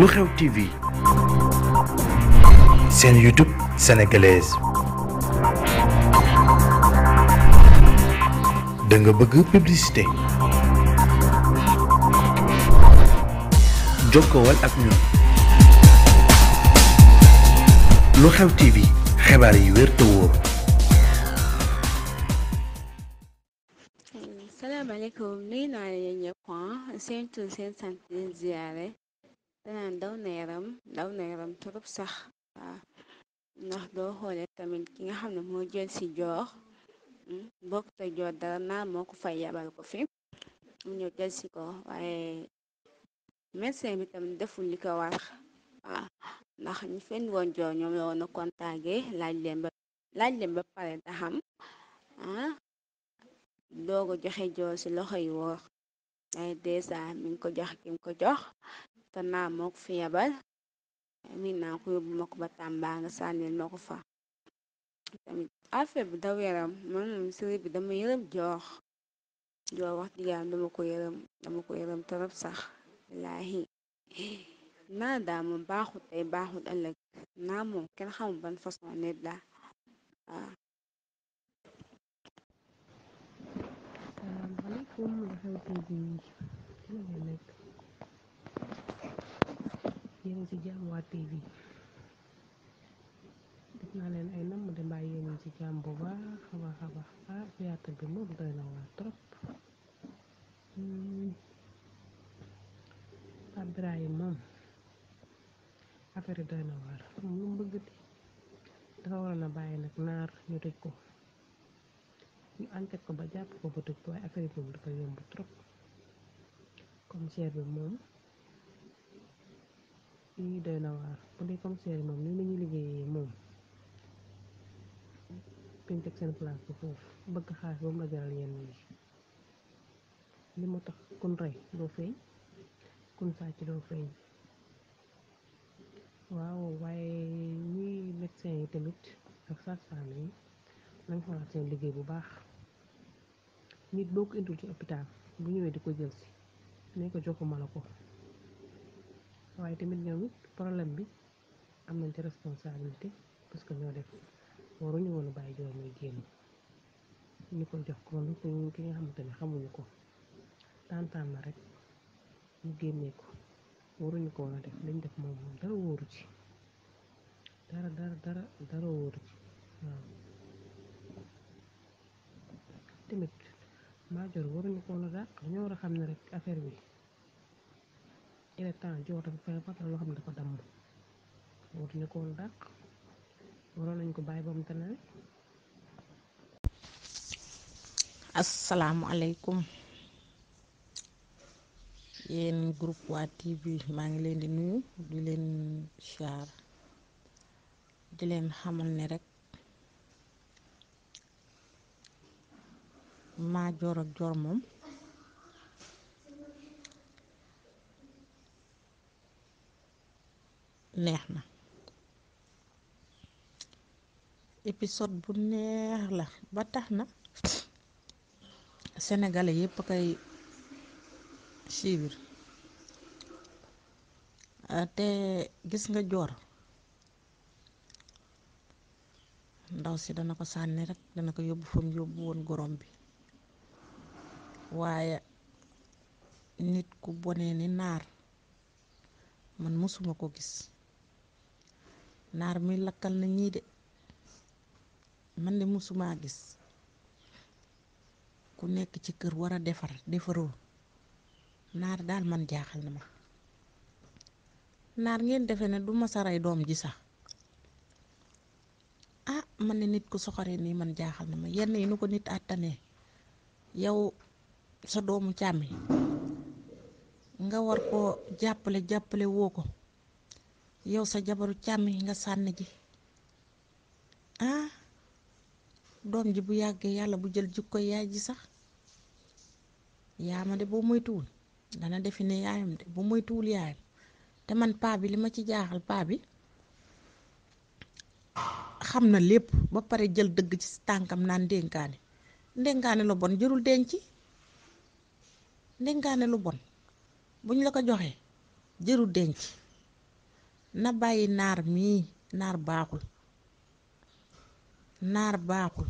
lu xew TV seen YouTube sénégalaise da nga bëgg publicité jokkowal ak ñun lu xew TV xibaar yi wér te wóor. salaamaaleykum nuyu naa leen ñëpp ah, seen tur seen sant ziare. danaan eh, daw na yaram daw na yaram trop sax waaw ndax doo xoole tamit ki nga xam ne moo jël si joor hmm, bokk te joor dara naan moo ko fay yabal ko fi mu ñëw jël si ko waaye médecin bi tamit deful li ko war ndax ñu fenn woon joor ñoom la woon a contacté laaj leen ba laaj leen ba pare daxam ah, doogo joxe joor ci loxo yi wóor ay dèjà mi ngi ko jox ki mu ko jox te naa moo ko fi yabal miin naa ko ba Tamba sànnil ma fa tamit affaire bi moom série dama yërëm joox joox wax dëgg dama ko yërëm dama ko sax naa daa moom baaxut tey baaxut ëllëg naa moom kenn xamul ban façon nit la yéen ci jàmm waa TV def naa leen ay namm de mbaa yéen ci jàmm bu baax a baax a ah, bi moom doy na waa trop hmm. Pape moom affaire yi doy na waar lu mu bëgg dafa waroon a bàyyi nag naar ñu tëj ko ñu enquête ko ba jàpp ko ba tëj ko waaye affaire yi dafa yomb trop commissaire bi moom lii doy na waa bu dee commissaire yi moom nii la ñuy liggéeyee moom dañ teg seen place bu foofu bëgg xaalis ba mu la jaral yenn yi li moo tax kun rey doo feeñ kun sàcc doo feeñ waaw waaye ñuy médecin yi tamit ak sage-femme yi nañ xoolaat seen liggéey bu baax nit boo ko indul ci hôpital bu ñëwee di ko jël si ne ko joxuma la ko waaye tamit ñoom it problème bi am nañ ci responsabilité parce que ñoo def waruñu woon a bàyyi jooy muy génn ñu koy jox kon ki nga xamante ne xamuñu ko tantaan na rek ñu génnee ko waruñu ko def liñ def moom moom dara wóoru ci dara tamit maa waruñu ko woon a dàq dañoo war a xam ne rek affaire bi yenn temps joor ko woon dàq nañ ko bàyyi ba mu tane asalaamualeykum yéen groupe waa TV maa ngi leen di nuyu di leen siyaar di leen xamal ni rek maa joor ak joor moom neex na épisode bu neex la ba tax na senegale yépp koy suivre ah, te gis nga joor ndaw si dana ko sànni rek dana ko yóbbu fa yóbbu woon gorom bi waaye nit ku bone ni naar man mësuma ko gis naar mi lakkal na ñii de mën de musuma gis ku nekk ci kër war a defar defaroo naar daal man jaaxal na ma naar ngeen defe ne du ma saray doom ji sax ah man ne nit ku soxoree nii man jaaxal na ma yenn yi nu ko nit àttanee yow sa doomu càmmi nga war koo jàppale jàppale woo ko yow sa jabaru càmm yi nga sànn ji ah doom ji bu yàggee yàlla bu jël jikko yaay ji sax yaa de boo moytuwul dana defi yaayam de bu moytuwul yaayam te man paa bi li ma ci jaaxal paa bi xam na lépp ba pare jël dëgg ci tànkam naan ndénkaane ndénkaane lu bon jërul denc ndénkaane lu bon buñ la ko joxee jërul denc na bàyyi naar mii naar baaxul naar baaxul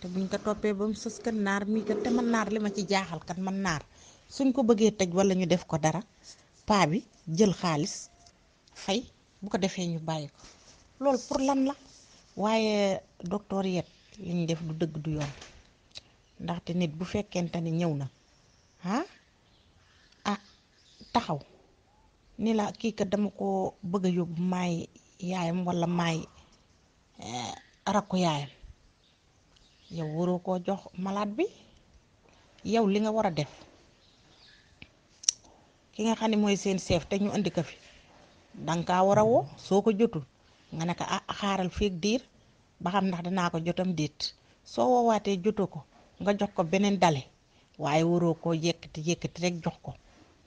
te buñ ko toppee ba mu sës kat naar mii kat te man naar li ma ci jaaxal kat man naar suñ ko bëggee taj walla ñu def ko dara paa bi jël xaalis fay bu ko defee ñu bàyyi ko loolu pour lan la waaye docteur yet li def du dëgg du yoon ndaxte nit bu fekkente ni ñëw na ah ah taxaw ni la kii dama ko bëgg a yóbbu maay yaayam wala maay eh, rakku yaayam yow waroo koo jox malaat bi yow li nga war a def ki nga xam ne mooy seen seef te ñu indi ko fi danga kaa war a woo soo ko jotul nga ne ko ah xaaral feeg diir ba xam ndax danaa ko jotam déet soo woowaatee jotu ko nga jox ko beneen dale waaye waroo koo yëkkati yëkkati rek jox ko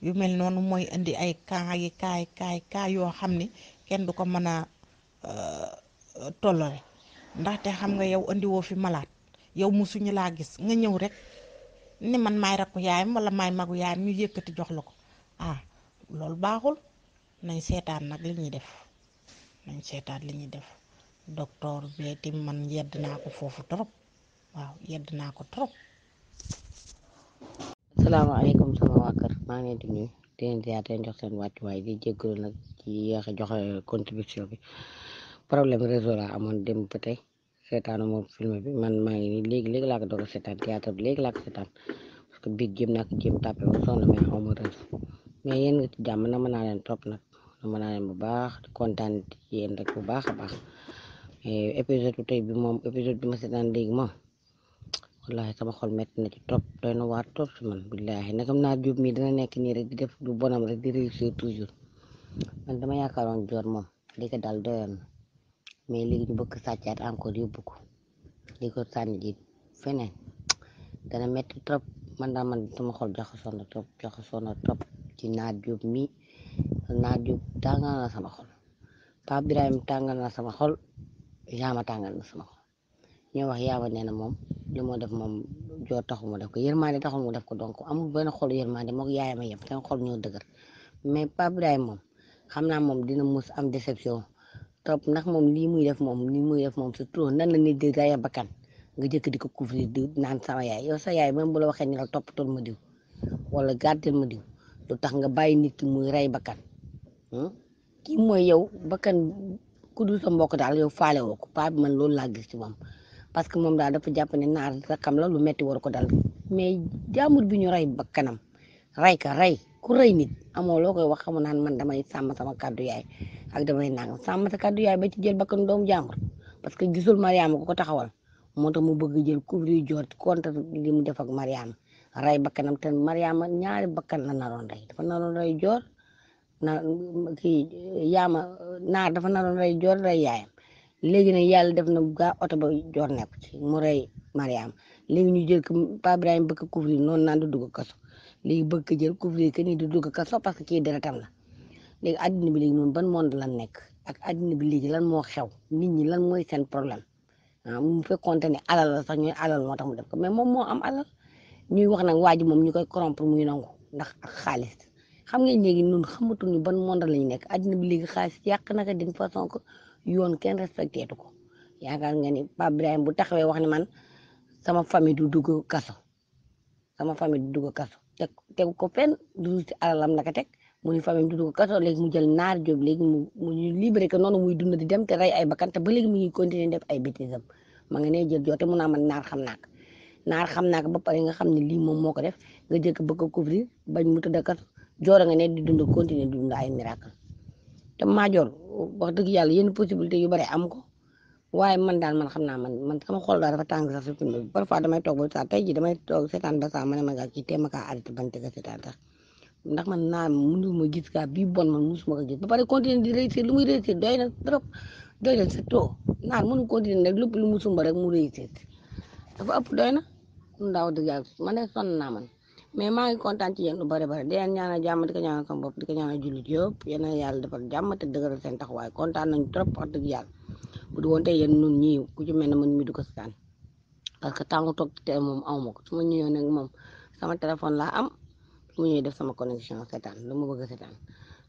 yu mel noonu mooy indi ay cas yi kaay kaay kaay yoo xam ni kenn du ko mën a euh, tollore ndaxte xam nga yow indi woo fi malaat yow musuñu laa gis nga ñëw rek ni man maay rakku yaayam wala maay magu yaayam ñu yëkkati jox la ko ah loolu baaxul nañ seetaan nag li ñuy def nañ seetaan li ñuy def docteur beeti man yedd naa ko foofu trop waaw yedd naa ko trop. asalaamaaleykum sama maa ngi di nuyu di leen ziar di leen jox seen wàccuwaay di jégalu nag ci yéex a jox contribution bi problème réseau la amoon dem ba tey seetaanu moom film bi man maa ngi nii léegi léegi laa ko doog a seetaan théâtre bi léegi laa ko seetaan parce que biig jéem naa ko jéem ba sonn mais xaw ma mais yéen nga ci jàmm na mën naa leen topp nag na mën naa leen bu baax di kontaan yéen rek bu baax a baax tey bi moom épisode bi ma seetaan léegi moom wallahi sama xol metti na ci trop doy na waar trop si man nagam naa jóob mi dana nekk nii rek di def lu bonam rek di réussir toujours man dama yaakaaroon joor moom li ko dal doyoon mais léegi ñu bëgg sàccaat encore yóbbu ko li ji feneen dana metti trop man daal man sama xol jaxasoo na trop jaxasoo na trop ci naat jóob mi na sama xol Pape Birahim na sama xol yaama tàngal na sama xol ñoo wax yaama nee moom li moo def moom joo taxul mu def ko yërmande taxul mu def ko donc amul benn xol yërmande moog yaayam a yem seen xol ñoo dëgër mais Pape Ibrahima moom xam naa moom dina mus am déception trop ndax moom lii muy def moom lii muy def moom c'est trop nan la nit di raya bakkan nga jëkk di ko couvrir di naan sama yaay yow sa yaay même bu la waxee ni la toppatool ma diw wala gàttal ma diw lu tax nga bàyyi nit ki muy rey bakkan hmm? kii mooy yow bakkan ku dul sa mbokk daal yow faale woo ko paa loolu laa gis ci moom parce que moom daal dafa jàpp ne naar rakkam la lu metti war ko dal mais jaamur bi ñu rey bakkanam rey ka rey ku rey nit amoo loo koy wax xamu naan man damay sàmm sama kàddu yaay ak damay nangam sàmm sa ci jël bakkanu doomu jaamur parce que gisul Mariama ku ko taxawal moo tax mu bëgg jël couvrir joor mu def ak Mariama rey bakkanam te ñaari bakkan la naroon rey dafa naroon rey joor naar dafa naroon rey joor rey yaayam léegi nag yàlla def na gaa oto ba joor nekk ci mu rey Mariam léegi ñu jël ko Pa Ibrahima bëgg couvrir noonu naan du dugg kaso léegi bëgg jël couvrir que ni di dugg kaso parce que kii deretam la léegi addina bi léegi noonu ban monde lan nekk ak addina bi léegi lan moo xew nit ñi lan mooy seen problème ah mu fekkoon ne alal la sax ñooy alal moo tax mu def ko mais moom moo am alal ñuy wax nag waa ji moom ñu koy corrompre muy nangu ndax ak xaalis xam nga léegi ñun xamatuñu ban monde lañu nekk addina bi léegi xaalis yàq ko yoon kenn respecté tu ko yaakaar nga ni Pape Ibrahima bu taxawee wax ne man sama famille du dugg kaso sama famille du dugg kaso te tegu ko fenn du ci alalam naka teg mu ni famille du dugg mu jël naar jóg mu mu ñu noonu muy dund di dem te rey ay bakkan te ba léegi mu ngi continuer def ay bêtisam ma nga nee jël joote mun naa man naar xam naa ko naar xam naa ko ba pare nga xam ne lii moom moo ko def nga jëkk bëgg a couvrir bañ mu tëdd kat joore nga ne di dund continuer di dund ay miracle te maajoor wax dëgg yàlla yenn possibilité yu bari am ko waaye man daal man xam naa man man sama xol daal dafa tàng sax fi mu parfois damay toog ba sax tey jii damay toog seetaan ba sax ma ne ma gaa ci téema kaa arrêté ban tega seetaan sax man naa mënu ma gis kaa bi bon man musuma ko gis ba pare continuer di réussir lu muy réussir doy na trop doy na c'est tout naar mënu continuer rek lépp lu mu sumba rek mu réussir dafa ëpp doy na ndaw dëgg yàlla ma son sonn naa man mais maa ngi kontaan ci yéen lu bëri bëri di leen ñaanal jàmm di ko ñaanal sama bopp di ko ñaanal jullit yëpp yéen a yàlla defal jàmm te dëgëral seen taxawaay kontaan nañu trop wax dëgg yàlla bu du woon tey yéen ñun ñii ku ci mel ne man mi du ko parce que tàngu te moom aw ma ko su ma ñëwee nag moom sama téléphone laa am mu ma ñëwee def sama connection connexion seetaan lu ma bëgg a seetaan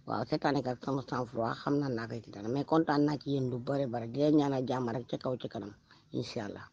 waaw seetaan ak sama sang-froid xam naa naa koy seetaan mais kontaan naa ci yéen lu bëri bëri di leen ñaanal jàmm rek ca kaw ci kanam incha allah